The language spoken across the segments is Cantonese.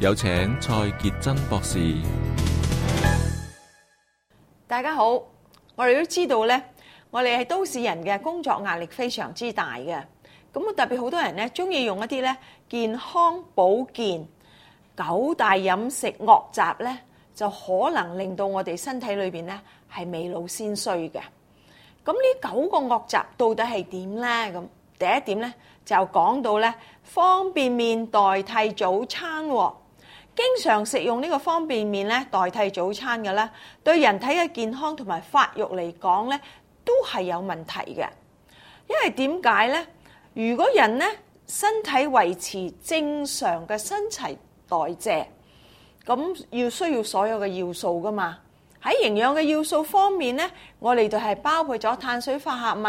有請蔡潔貞博士。大家好，我哋都知道呢，我哋係都市人嘅，工作壓力非常之大嘅，咁啊特別好多人呢，中意用一啲呢健康保健九大飲食惡習呢，就可能令到我哋身體裏邊呢係未老先衰嘅。咁呢九個惡習到底係點呢？咁第一點呢，就講到呢方便麵代替早餐。經常食用呢個方便麵咧，代替早餐嘅咧，對人體嘅健康同埋發育嚟講咧，都係有問題嘅。因為點解咧？如果人咧身體維持正常嘅新陳代謝，咁要需要所有嘅要素㗎嘛。喺營養嘅要素方面咧，我哋就係包括咗碳水化合物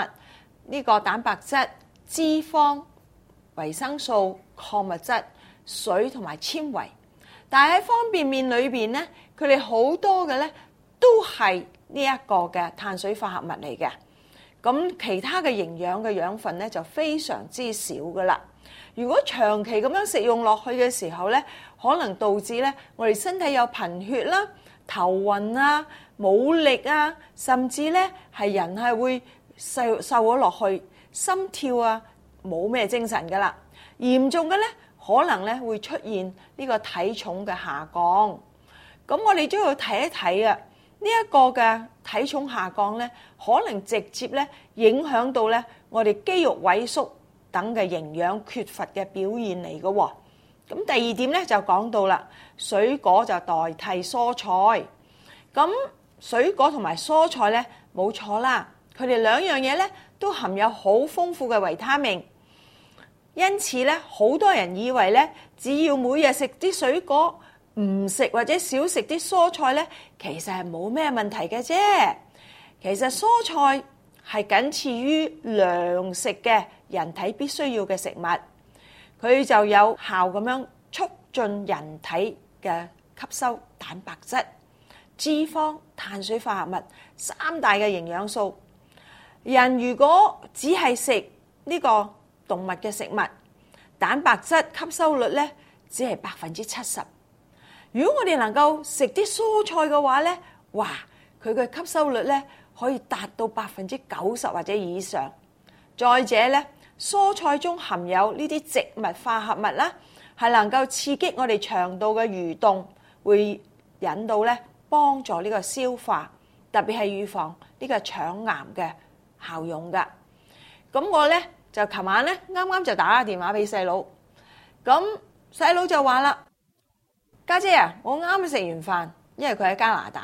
呢個、蛋白質、脂肪、維生素、礦物質、水同埋纖維。但係方便麵裏面咧，佢哋好多嘅咧都係呢一個嘅碳水化合物嚟嘅，咁其他嘅營養嘅養分咧就非常之少㗎喇。如果長期咁樣食用落去嘅時候咧，可能導致咧我哋身體有貧血啦、頭暈啊、冇力啊，甚至咧係人係會瘦瘦咗落去、心跳啊冇咩精神㗎喇，嚴重嘅咧。可能咧會出現呢個體重嘅下降，咁我哋都要睇一睇啊！呢一個嘅體重下降咧，可能直接咧影響到咧我哋肌肉萎縮等嘅營養缺乏嘅表現嚟嘅喎。咁第二點咧就講到啦，水果就代替蔬菜，咁水果同埋蔬菜咧冇錯啦，佢哋兩樣嘢咧都含有好豐富嘅維他命。因此咧，好多人以為咧，只要每日食啲水果，唔食或者少食啲蔬菜咧，其實係冇咩問題嘅啫。其實蔬菜係僅次於糧食嘅，人體必須要嘅食物，佢就有效咁樣促進人體嘅吸收蛋白質、脂肪、碳水化合物三大嘅營養素。人如果只係食呢個，動物嘅食物，蛋白質吸收率咧只係百分之七十。如果我哋能夠食啲蔬菜嘅話咧，哇，佢嘅吸收率咧可以達到百分之九十或者以上。再者咧，蔬菜中含有呢啲植物化合物啦，係能夠刺激我哋腸道嘅蠕動，會引導咧幫助呢個消化，特別係預防呢個腸癌嘅效用㗎。咁我咧。就琴晚咧，啱啱就打電話俾細佬，咁細佬就話啦：家姐啊，我啱啱食完飯，因為佢喺加拿大，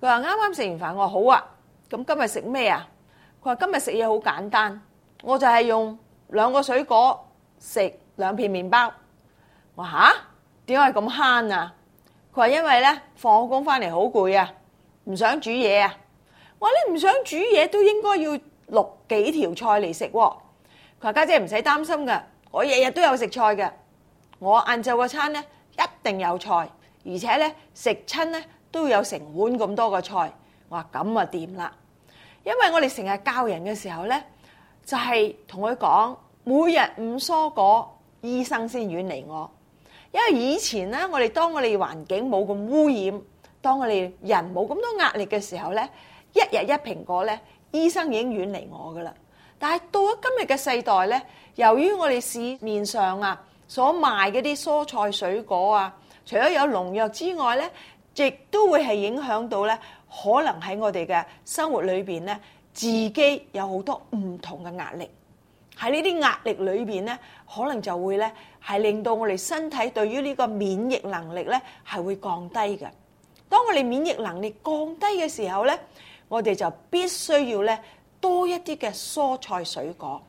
佢話啱啱食完飯，我話好啊，咁今日食咩啊？佢話今日食嘢好簡單，我就係用兩個水果食兩片麵包。我話吓？點解咁慳啊？佢話因為咧放工翻嚟好攰啊，唔想煮嘢啊。我話你唔想煮嘢都應該要落幾條菜嚟食喎。佢，家姐唔使擔心㗎，我日日都有食菜嘅。我晏晝個餐咧一定有菜，而且咧食親咧都有成碗咁多個菜。我話咁啊掂啦，因為我哋成日教人嘅時候咧，就係同佢講每日五蔬果，醫生先遠離我。因為以前咧，我哋當我哋環境冇咁污染，當我哋人冇咁多壓力嘅時候咧，一日一蘋果咧，醫生已經遠離我噶啦。但係到咗今日嘅世代咧，由於我哋市面上啊所賣嗰啲蔬菜水果啊，除咗有農藥之外咧，亦都會係影響到咧，可能喺我哋嘅生活裏邊咧，自己有好多唔同嘅壓力。喺呢啲壓力裏邊咧，可能就會咧係令到我哋身體對於呢個免疫能力咧係會降低嘅。當我哋免疫能力降低嘅時候咧，我哋就必須要咧。多一啲嘅蔬菜水果，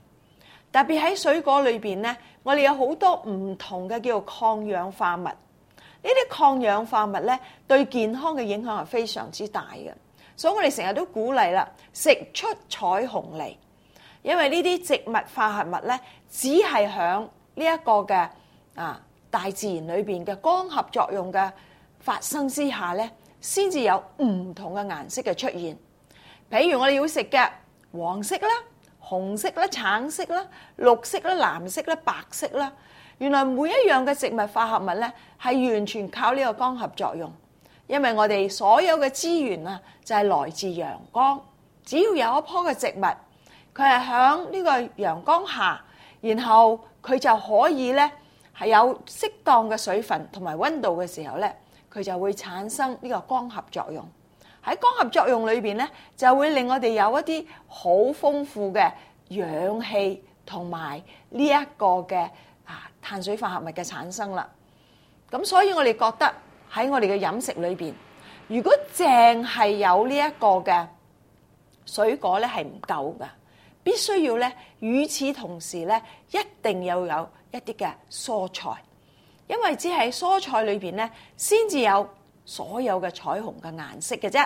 特別喺水果裏面呢，我哋有好多唔同嘅叫做抗氧化物。呢啲抗氧化物呢，對健康嘅影響係非常之大嘅。所以我哋成日都鼓勵啦，食出彩虹嚟。因為呢啲植物化合物呢，只係響呢一個嘅啊大自然裏面嘅光合作用嘅發生之下呢，先至有唔同嘅顏色嘅出現。譬如我哋要食嘅。黃色啦、紅色啦、橙色啦、綠色啦、藍色啦、白色啦，原來每一樣嘅植物化合物咧，係完全靠呢個光合作用。因為我哋所有嘅資源啊，就係來自陽光。只要有一棵嘅植物，佢係喺呢個陽光下，然後佢就可以咧，係有適當嘅水分同埋温度嘅時候咧，佢就會產生呢個光合作用。喺光合作用裏邊咧，就會令我哋有一啲好豐富嘅氧氣同埋呢一個嘅啊碳水化合物嘅產生啦。咁所以我哋覺得喺我哋嘅飲食裏邊，如果淨係有呢一個嘅水果咧，係唔夠噶，必須要咧，與此同時咧，一定要有，有一啲嘅蔬菜，因為只係蔬菜裏邊咧，先至有。所有嘅彩虹嘅顏色嘅啫，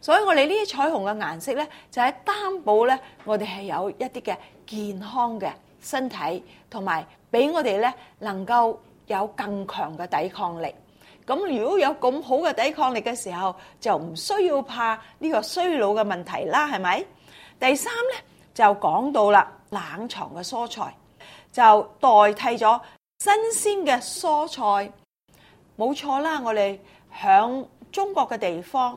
所以我哋呢啲彩虹嘅顏色咧，就係擔保咧，我哋係有一啲嘅健康嘅身體，同埋俾我哋咧能夠有更強嘅抵抗力。咁如果有咁好嘅抵抗力嘅時候，就唔需要怕呢個衰老嘅問題啦，係咪？第三咧就講到啦，冷藏嘅蔬菜就代替咗新鮮嘅蔬菜，冇錯啦，我哋。喺中國嘅地方，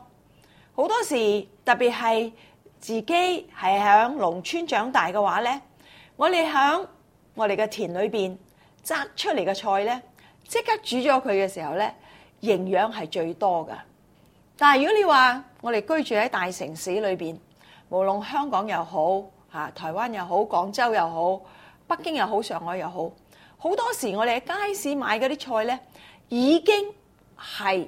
好多時特別係自己係喺農村長大嘅話呢，我哋喺我哋嘅田裏面摘出嚟嘅菜呢，即刻煮咗佢嘅時候呢，營養係最多㗎。但係如果你話我哋居住喺大城市裏面，無論香港又好吓，台灣又好，廣州又好，北京又好，上海又好，好多時我哋喺街市買嗰啲菜呢，已經係。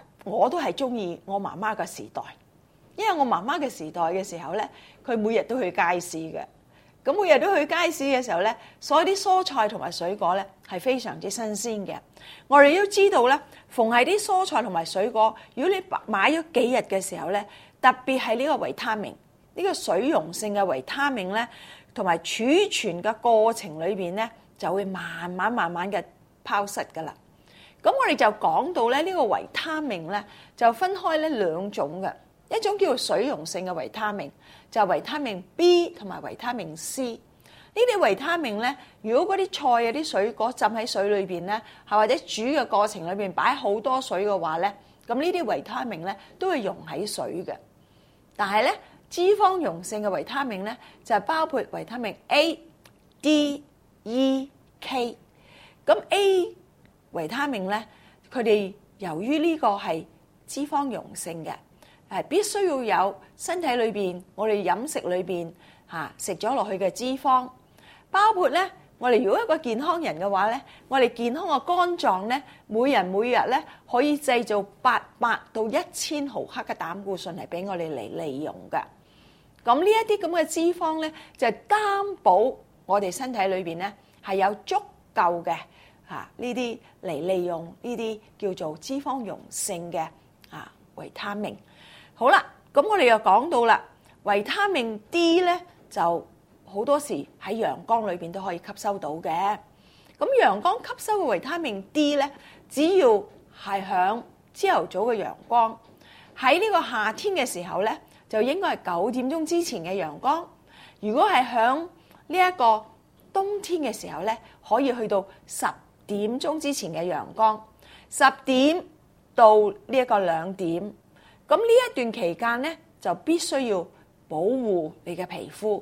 我都係中意我媽媽嘅時代，因為我媽媽嘅時代嘅時候呢，佢每日都去街市嘅，咁每日都去街市嘅時候呢，所有啲蔬菜同埋水果呢，係非常之新鮮嘅。我哋都知道呢，逢係啲蔬菜同埋水果，如果你買咗幾日嘅時候呢，特別係呢個維他命，呢個水溶性嘅維他命呢，同埋儲存嘅過程裏邊呢，就會慢慢慢慢嘅拋失噶啦。咁我哋就講到咧，呢個維他命咧就分開咧兩種嘅，一種叫做水溶性嘅維他命，就係維他命 B 同埋維他命 C。呢啲維他命咧，如果嗰啲菜啊、啲水果浸喺水裏邊咧，係或者煮嘅過程裏邊擺好多水嘅話咧，咁呢啲維他命咧都會溶喺水嘅。但係咧，脂肪溶性嘅維他命咧就係包括維他命 A、D、E、K。咁 A 維他命咧，佢哋由於呢個係脂肪溶性嘅，係必須要有身體裏邊，我哋飲食裏邊嚇食咗落去嘅脂肪，包括咧我哋如果一個健康人嘅話咧，我哋健康嘅肝臟咧，每人每日咧可以製造八百到一千毫克嘅膽固醇嚟俾我哋嚟利用嘅。咁呢一啲咁嘅脂肪咧，就係擔保我哋身體裏邊咧係有足夠嘅。啊！呢啲嚟利用呢啲叫做脂肪溶性嘅啊維他命。好啦，咁我哋又講到啦，維他命 D 呢就好多時喺陽光裏邊都可以吸收到嘅。咁陽光吸收嘅維他命 D 呢，只要係響朝頭早嘅陽光，喺呢個夏天嘅時候呢，就應該係九點鐘之前嘅陽光。如果係響呢一個冬天嘅時候呢，可以去到十點鐘之前嘅陽光，十點到呢一個兩點，咁呢一段期間呢，就必須要保護你嘅皮膚，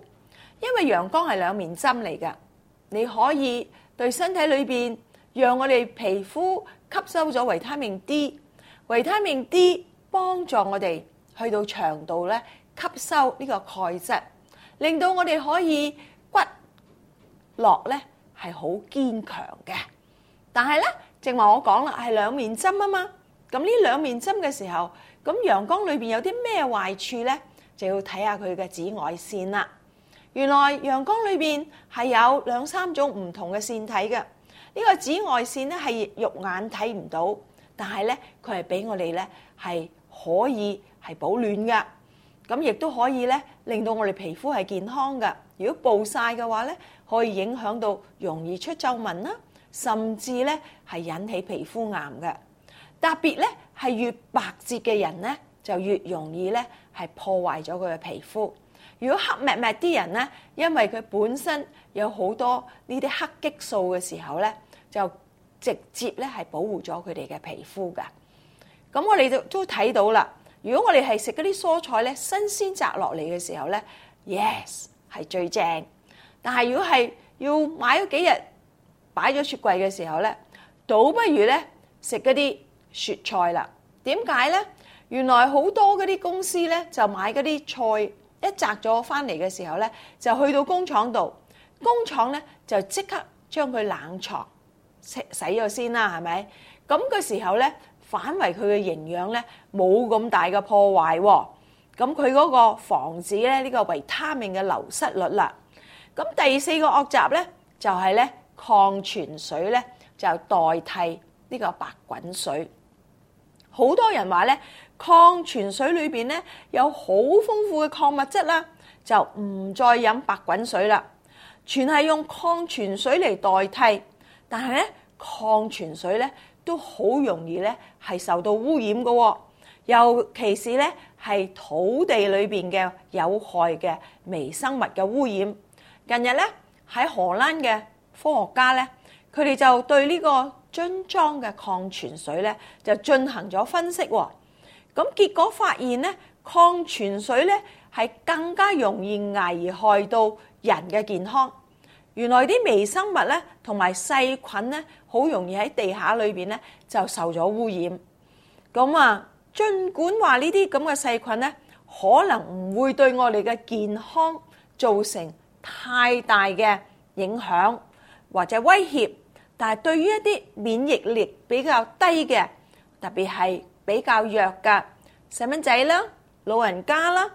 因為陽光係兩面針嚟㗎。你可以對身體裏邊，讓我哋皮膚吸收咗維他命 D，維他命 D 幫助我哋去到腸道呢，吸收呢個鈣質，令到我哋可以骨骼呢，係好堅強嘅。但係咧，正話我講啦，係兩面針啊嘛。咁呢兩面針嘅時候，咁陽光裏面有啲咩壞處呢？就要睇下佢嘅紫外線啦。原來陽光裏面係有兩三種唔同嘅線體嘅。呢個紫外線咧係肉眼睇唔到，但係咧佢係俾我哋咧係可以係保暖嘅，咁亦都可以咧令到我哋皮膚係健康嘅。如果暴曬嘅話咧，可以影響到容易出皺紋啦。甚至咧係引起皮膚癌嘅，特別咧係越白節嘅人咧就越容易咧係破壞咗佢嘅皮膚。如果黑墨墨啲人咧，因為佢本身有好多呢啲黑激素嘅時候咧，就直接咧係保護咗佢哋嘅皮膚㗎。咁我哋就都睇到啦。如果我哋係食嗰啲蔬菜咧，新鮮摘落嚟嘅時候咧，yes 係最正。但係如果係要買咗幾日，買咗雪櫃嘅時候咧，倒不如咧食嗰啲雪菜啦。點解咧？原來好多嗰啲公司咧就買嗰啲菜一摘咗翻嚟嘅時候咧，就去到工廠度，工廠咧就即刻將佢冷藏洗洗咗先啦。係咪咁嘅時候咧，反為佢嘅營養咧冇咁大嘅破壞。咁佢嗰個防止咧呢個維他命嘅流失率啦。咁第四個惡習咧就係咧。礦泉水咧就代替呢個白滾水，好多人話咧，礦泉水裏邊咧有好豐富嘅礦物質啦，就唔再飲白滾水啦，全係用礦泉水嚟代替。但係咧，礦泉水咧都好容易咧係受到污染嘅喎，尤其是咧係土地裏邊嘅有害嘅微生物嘅污染。近日咧喺荷蘭嘅科學家咧，佢哋就對呢個樽裝嘅礦泉水咧，就進行咗分析。咁啊，結果發現咧，礦泉水咧係更加容易危害到人嘅健康。原來啲微生物咧同埋細菌咧，好容易喺地下裏邊咧就受咗污染。咁啊，儘管話呢啲咁嘅細菌咧，可能唔會對我哋嘅健康造成太大嘅影響。或者威脅，但係對於一啲免疫力比較低嘅，特別係比較弱嘅細蚊仔啦、老人家啦，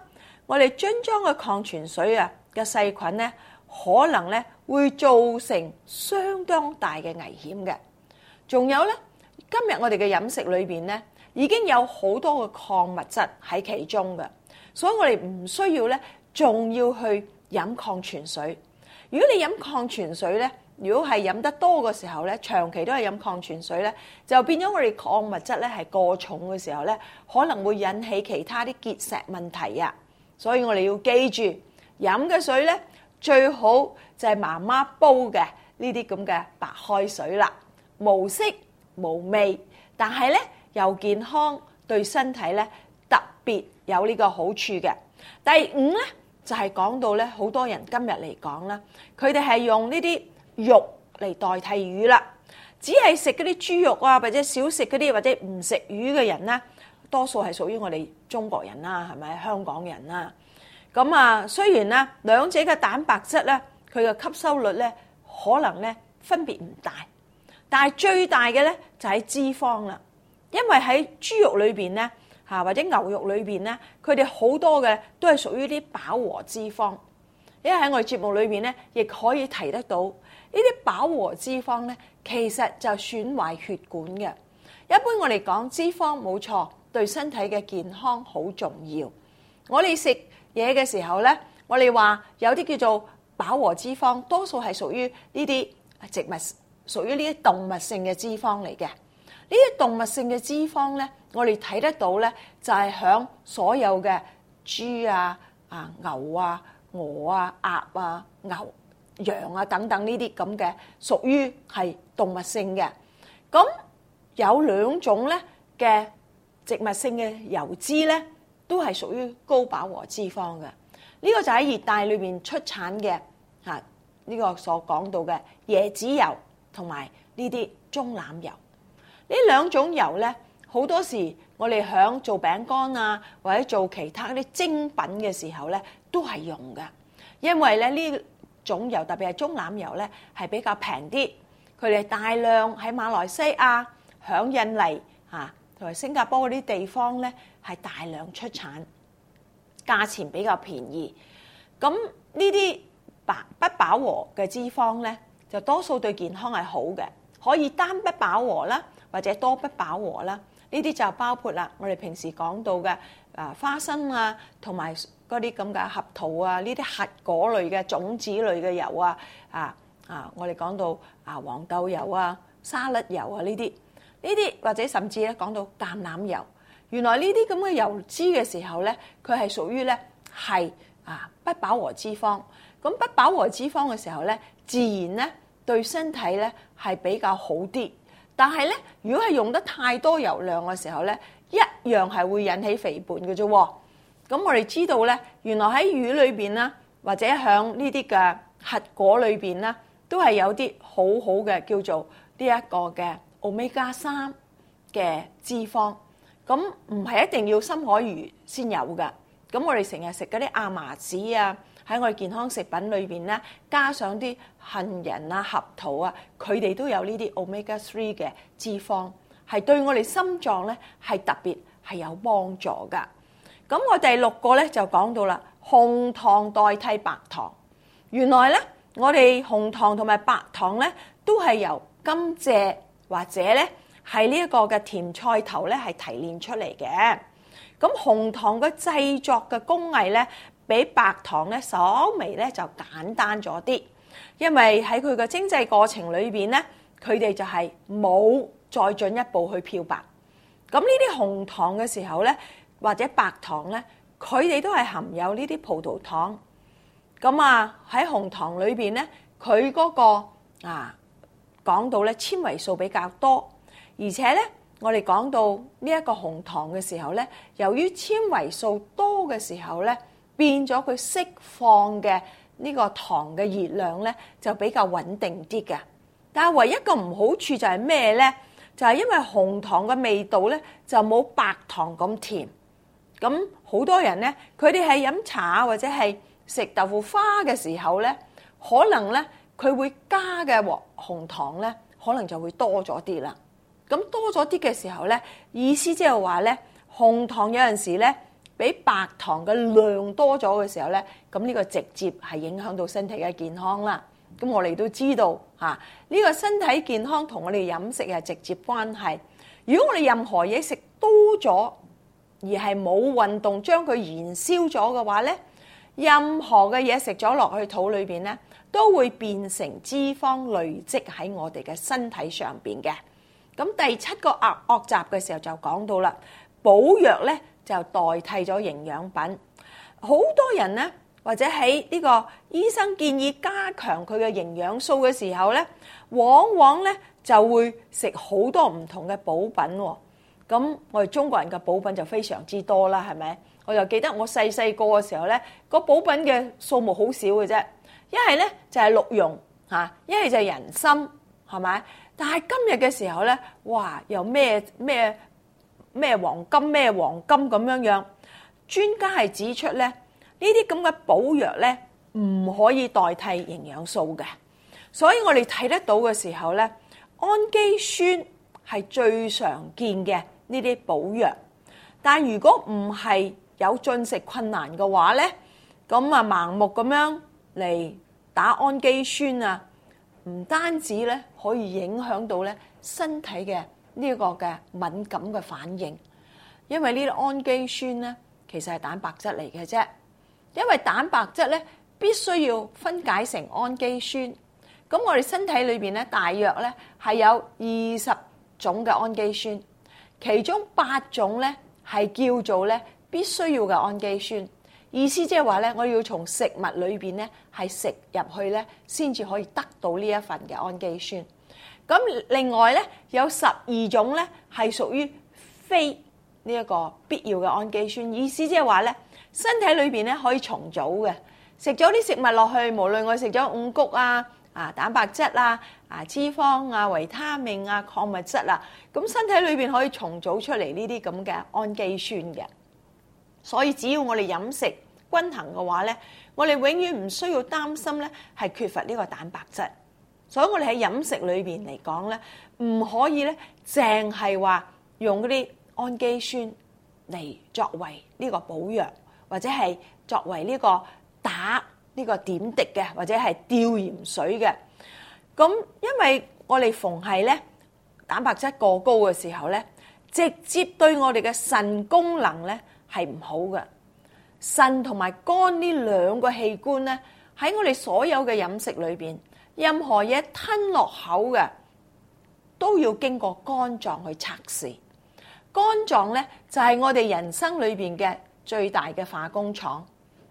我哋樽裝嘅礦泉水啊嘅細菌呢，可能呢會造成相當大嘅危險嘅。仲有呢，今日我哋嘅飲食裏邊呢，已經有好多嘅礦物質喺其中嘅，所以我哋唔需要呢仲要去飲礦泉水。如果你飲礦泉水呢。如果係飲得多嘅時候咧，長期都係飲礦泉水咧，就變咗我哋礦物質咧係過重嘅時候咧，可能會引起其他啲結石問題啊。所以我哋要記住飲嘅水咧，最好就係媽媽煲嘅呢啲咁嘅白開水啦，無色無味，但係咧又健康，對身體咧特別有呢個好處嘅。第五咧就係講到咧，好多人今日嚟講啦，佢哋係用呢啲。肉嚟代替魚啦，只係食嗰啲豬肉啊，或者少食嗰啲，或者唔食魚嘅人呢，多數係屬於我哋中國人啦、啊，係咪香港人啦？咁啊，雖然咧兩者嘅蛋白質呢，佢嘅吸收率呢，可能呢，分別唔大，但係最大嘅呢，就係脂肪啦，因為喺豬肉裏邊呢，嚇，或者牛肉裏邊呢，佢哋好多嘅都係屬於啲飽和脂肪。因為喺我哋節目裏面呢，亦可以提得到。呢啲飽和脂肪呢，其實就損壞血管嘅。一般我哋講脂肪冇錯，對身體嘅健康好重要。我哋食嘢嘅時候呢，我哋話有啲叫做飽和脂肪，多數係屬於呢啲植物，屬於呢啲動物性嘅脂肪嚟嘅。呢啲動物性嘅脂肪呢，我哋睇得到呢，就係、是、響所有嘅豬啊、啊牛啊、鵝啊、鴨啊、牛。羊啊，等等呢啲咁嘅，屬於係動物性嘅。咁有兩種咧嘅植物性嘅油脂咧，都係屬於高飽和脂肪嘅。呢個就喺熱帶裏面出產嘅，嚇呢個所講到嘅椰子油同埋呢啲棕櫚油呢兩種油咧，好多時我哋響做餅乾啊，或者做其他啲精品嘅時候咧，都係用嘅，因為咧呢。棕油特別係棕櫚油咧，係比較平啲。佢哋大量喺馬來西亞、響印尼啊，同埋新加坡嗰啲地方咧，係大量出產，價錢比較便宜。咁呢啲飽不飽和嘅脂肪咧，就多數對健康係好嘅，可以單不飽和啦，或者多不飽和啦。呢啲就包括啦，我哋平時講到嘅啊花生啊，同埋。嗰啲咁嘅合桃啊，呢啲核果類嘅種子類嘅油啊，啊啊，我哋講到啊黃豆油啊、沙律油啊呢啲，呢啲或者甚至咧講到橄欖油，原來呢啲咁嘅油脂嘅時候咧，佢係屬於咧係啊不飽和脂肪。咁不飽和脂肪嘅時候咧，自然咧對身體咧係比較好啲。但係咧，如果係用得太多油量嘅時候咧，一樣係會引起肥胖嘅啫。咁我哋知道咧，原來喺魚裏邊啦，或者喺呢啲嘅核果裏邊咧，都係有啲好好嘅叫做呢一個嘅 Omega 三嘅脂肪。咁唔係一定要深海魚先有㗎。咁我哋成日食嗰啲亞麻籽啊，喺我哋健康食品裏邊咧，加上啲杏仁啊、核桃啊，佢哋都有呢啲 Omega 三嘅脂肪，係對我哋心臟咧係特別係有幫助噶。咁我第六個咧就講到啦，紅糖代替白糖。原來咧，我哋紅糖同埋白糖咧，都係由甘蔗或者咧係呢一個嘅甜菜頭咧係提煉出嚟嘅。咁紅糖嘅製作嘅工藝咧，比白糖咧稍微咧就簡單咗啲，因為喺佢嘅精製過程裏面咧，佢哋就係冇再進一步去漂白。咁呢啲紅糖嘅時候咧，或者白糖咧，佢哋都係含有呢啲葡萄糖。咁啊，喺紅糖裏邊咧，佢嗰、嗰個啊講到咧纖維素比較多，而且咧我哋講到呢一個紅糖嘅時候咧，由於纖維素多嘅時候咧，變咗佢釋放嘅呢個糖嘅熱量咧就比較穩定啲嘅。但係唯一一個唔好處就係咩咧？就係、係、因為紅糖嘅味道咧就冇白糖咁甜。咁好多人呢，佢哋係飲茶或者係食豆腐花嘅時候呢，可能呢，佢會加嘅黃紅糖呢，可能就會多咗啲啦。咁多咗啲嘅時候呢，意思即係話呢，紅糖有陣時呢，比白糖嘅量多咗嘅時候呢，咁呢個直接係影響到身體嘅健康啦。咁我哋都知道嚇，呢、啊呢個身體健康同我哋飲食係直接關係。如果我哋任何嘢食多咗，而係冇運動將佢燃燒咗嘅話呢，任何嘅嘢食咗落去肚裏邊呢，都會變成脂肪累積喺我哋嘅身體上邊嘅。咁第七個惡惡習嘅時候就講到啦，補藥呢就代替咗營養品。好多人呢，或者喺呢個醫生建議加強佢嘅營養素嘅時候呢，往往呢就會食好多唔同嘅補品喎。咁我哋中國人嘅補品就非常之多啦，係咪？我就記得我細細個嘅時候咧，個補品嘅數目好少嘅啫。一係咧就係鹿茸嚇，一係就係人參，係咪？但係今日嘅時候咧，哇！又咩咩咩黃金咩黃金咁樣樣。專家係指出咧，呢啲咁嘅補藥咧唔可以代替營養素嘅。所以我哋睇得到嘅時候咧，氨基酸係最常見嘅。呢啲補藥，但如果唔係有進食困難嘅話呢，咁啊盲目咁樣嚟打氨基酸啊，唔單止呢可以影響到呢身體嘅呢個嘅敏感嘅反應，因為呢啲氨基酸呢其實係蛋白質嚟嘅啫，因為蛋白質呢必須要分解成氨基酸，咁我哋身體裏邊呢大約呢係有二十種嘅氨基酸。其中八種咧係叫做咧必須要嘅氨基酸，意思即係話咧，我要從食物裏邊咧係食入去咧先至可以得到呢一份嘅氨基酸。咁另外咧有十二種咧係屬於非呢一個必要嘅氨基酸，意思即係話咧身體裏邊咧可以重組嘅，食咗啲食物落去，無論我食咗五穀啊。啊，蛋白質啦、啊脂肪啊，維他命啊，礦物質啊，咁身體裏邊可以重組出嚟呢啲咁嘅氨基酸嘅。所以只要我哋飲食均衡嘅話咧，我哋永遠唔需要擔心咧係缺乏呢個蛋白質。所以我哋喺飲食裏邊嚟講咧，唔可以咧淨係話用嗰啲氨基酸嚟作為呢個補藥，或者係作為呢個打。呢個點滴嘅或者係吊鹽水嘅，咁因為我哋逢係呢蛋白質過高嘅時候呢，直接對我哋嘅腎功能呢係唔好嘅。腎同埋肝呢兩個器官呢，喺我哋所有嘅飲食裏邊，任何嘢吞落口嘅都要經過肝臟去測試。肝臟呢就係我哋人生裏邊嘅最大嘅化工廠。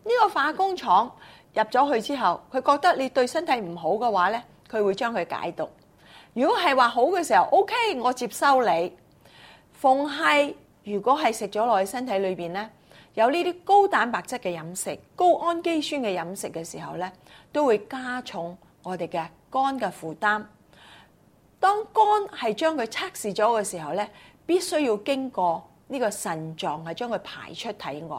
呢個化工廠。入咗去之後，佢覺得你對身體唔好嘅話咧，佢會將佢解毒。如果係話好嘅時候，OK，我接收你。凡係如果係食咗落去身體裏邊咧，有呢啲高蛋白質嘅飲食、高氨基酸嘅飲食嘅時候咧，都會加重我哋嘅肝嘅負擔。當肝係將佢測試咗嘅時候咧，必須要經過呢個腎臟係將佢排出體外。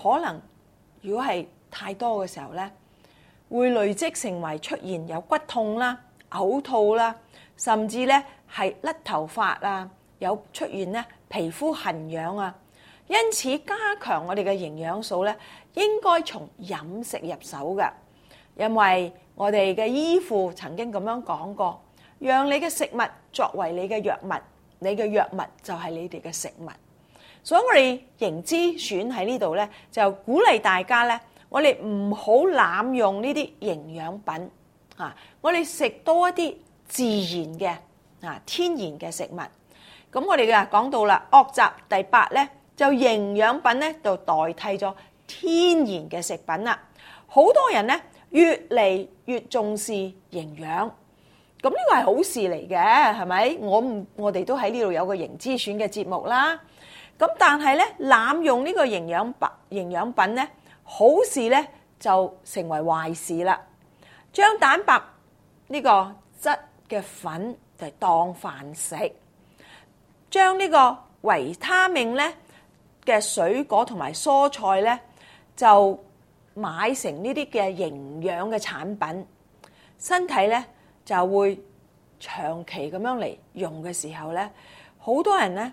可能如果係太多嘅時候咧，會累積成為出現有骨痛啦、嘔吐啦，甚至咧係甩頭髮啊，有出現咧皮膚痕癢啊。因此加強我哋嘅營養素咧，應該從飲食入手嘅，因為我哋嘅醫父曾經咁樣講過，讓你嘅食物作為你嘅藥物，你嘅藥物就係你哋嘅食物。所以我哋營資選喺呢度咧，就鼓勵大家咧，我哋唔好濫用呢啲營養品啊！我哋食多一啲自然嘅啊天然嘅食物。咁我哋啊講到啦，惡習第八咧，就營養品咧就代替咗天然嘅食品啦。好多人咧越嚟越重視營養，咁呢個係好事嚟嘅，係咪？我唔，我哋都喺呢度有個營資選嘅節目啦。咁但係咧，濫用呢個營養白營養品咧，好事咧就成為壞事啦。將蛋白呢個質嘅粉就當飯食，將呢個維他命咧嘅水果同埋蔬菜咧，就買成呢啲嘅營養嘅產品，身體咧就會長期咁樣嚟用嘅時候咧，好多人咧。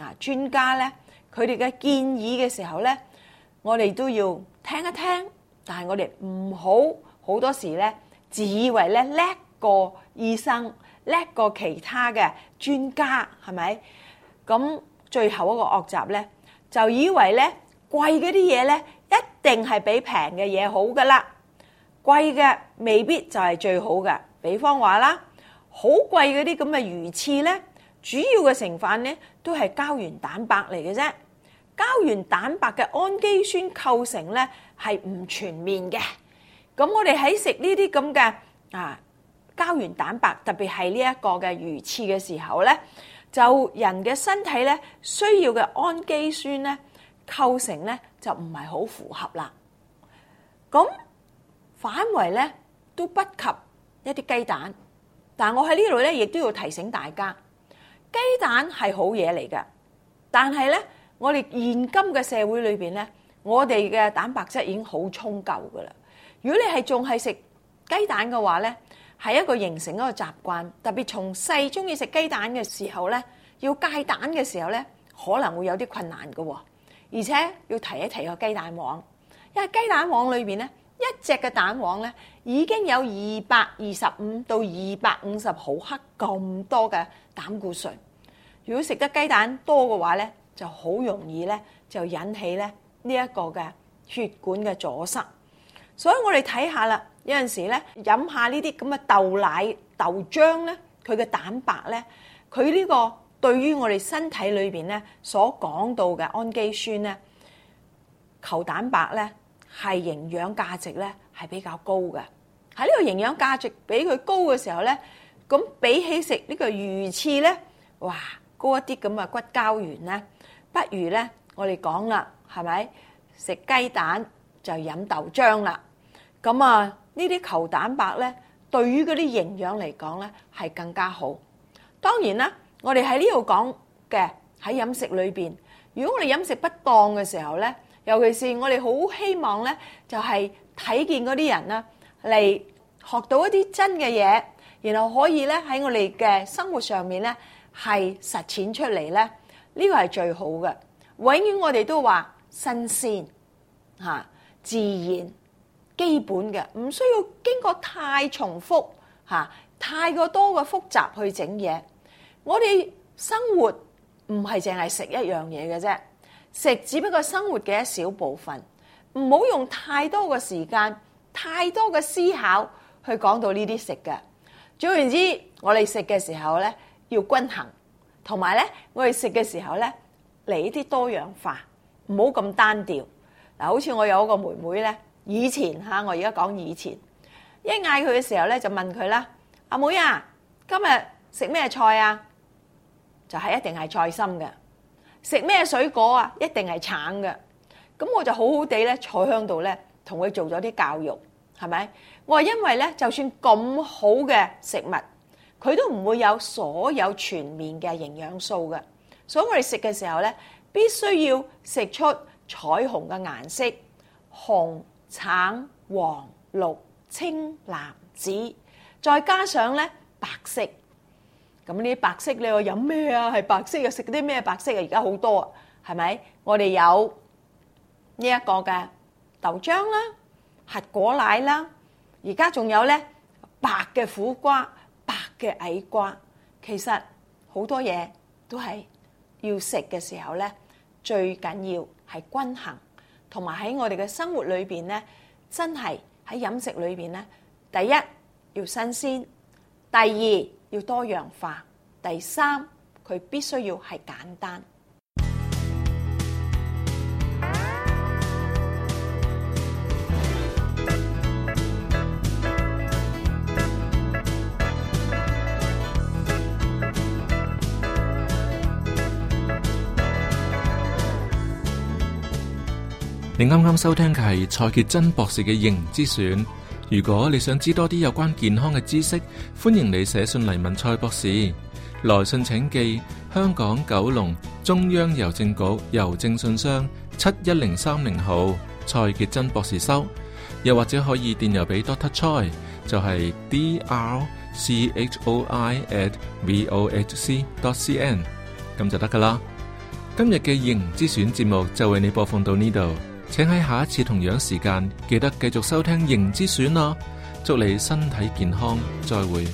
啊，專家咧，佢哋嘅建議嘅時候咧，我哋都要聽一聽，但係我哋唔好好多時咧，自以為咧叻過醫生，叻過其他嘅專家，係咪？咁最後一個惡習咧，就以為咧貴嗰啲嘢咧，一定係比平嘅嘢好噶啦，貴嘅未必就係最好噶。比方話啦，好貴嗰啲咁嘅魚翅咧。主要嘅成分咧都係膠原蛋白嚟嘅啫，膠原蛋白嘅氨基酸構成咧係唔全面嘅。咁我哋喺食呢啲咁嘅啊膠原蛋白，特別係呢一個嘅魚翅嘅時候咧，就人嘅身體咧需要嘅氨基酸咧構成咧就唔係好符合啦。咁反為咧都不及一啲雞蛋，但我喺呢度咧亦都要提醒大家。雞蛋係好嘢嚟㗎，但係呢，我哋現今嘅社會裏邊呢，我哋嘅蛋白質已經好充夠㗎啦。如果你係仲係食雞蛋嘅話呢，係一個形成一個習慣，特別從細鍾意食雞蛋嘅時候呢，要戒蛋嘅時候呢，可能會有啲困難嘅喎。而且要提一提個雞蛋黃，因為雞蛋黃裏邊呢，一隻嘅蛋黃呢。已經有二百二十五到二百五十毫克咁多嘅膽固醇。如果食得雞蛋多嘅話呢，就好容易呢就引起呢呢一個嘅血管嘅阻塞。所以我哋睇下啦，有陣時呢飲下呢啲咁嘅豆奶、豆漿呢，佢嘅蛋白呢，佢呢個對於我哋身體裏邊呢所講到嘅氨基酸呢，球蛋白呢，係營養價值呢。係比較高嘅，喺呢個營養價值比佢高嘅時候呢，咁比起食呢個魚翅呢，哇，高一啲咁嘅骨膠原呢，不如呢，我哋講啦，係咪食雞蛋就飲豆漿啦？咁啊，呢啲球蛋白呢，對於嗰啲營養嚟講呢，係更加好。當然啦，我哋喺呢度講嘅喺飲食裏邊，如果我哋飲食不當嘅時候呢，尤其是我哋好希望呢，就係。睇見嗰啲人咧，嚟學到一啲真嘅嘢，然後可以咧喺我哋嘅生活上面咧，係實踐出嚟咧，呢個係最好嘅。永遠我哋都話新鮮嚇、自然、基本嘅，唔需要經過太重複嚇、太過多嘅複雜去整嘢。我哋生活唔係淨係食一樣嘢嘅啫，食只不過生活嘅一小部分。唔好用太多嘅時間，太多嘅思考去講到呢啲食嘅。總言之，我哋食嘅時候呢，要均衡，同埋呢，我哋食嘅時候呢，嚟啲多樣化，唔好咁單調。嗱，好似我有一個妹妹呢，以前嚇，我而家講以前，一嗌佢嘅時候呢，就問佢啦：阿妹啊，今日食咩菜啊？就係一定係菜心嘅，食咩水果啊？一定係橙嘅。咁我就好好地咧坐香度坐喺度咧，同佢做咗啲教育，係咪？我話因為咧，就算咁好嘅食物，佢都唔會有所有全面嘅營養素嘅，所以我哋食嘅時候咧，必須要食出彩虹嘅顏色，紅、橙、黃、綠、青、藍、紫，再加上咧白色。咁呢啲白色你話飲咩啊？係白色啊！食啲咩白色啊？而家好多啊，係咪？我哋有。呢一個嘅豆漿啦，核果奶啦，而家仲有呢白嘅苦瓜、白嘅矮瓜，其實好多嘢都係要食嘅時候呢，最緊要係均衡，同埋喺我哋嘅生活裏邊呢，真係喺飲食裏邊呢，第一要新鮮，第二要多樣化，第三佢必須要係簡單。啱啱收聽嘅係蔡傑真博士嘅《形之選》，如果你想知多啲有關健康嘅知識，歡迎你寫信嚟問蔡博士。來信請寄香港九龍中央郵政局郵政信箱七一零三零號蔡傑真博士收，又或者可以電郵俾 Dr. Choi，就係 d r c h o i at v o h c dot c n，咁就得噶啦。今日嘅《形之選》節目就為你播放到呢度。請喺下一次同樣時間記得繼續收聽《型之選》啦！祝你身體健康，再會。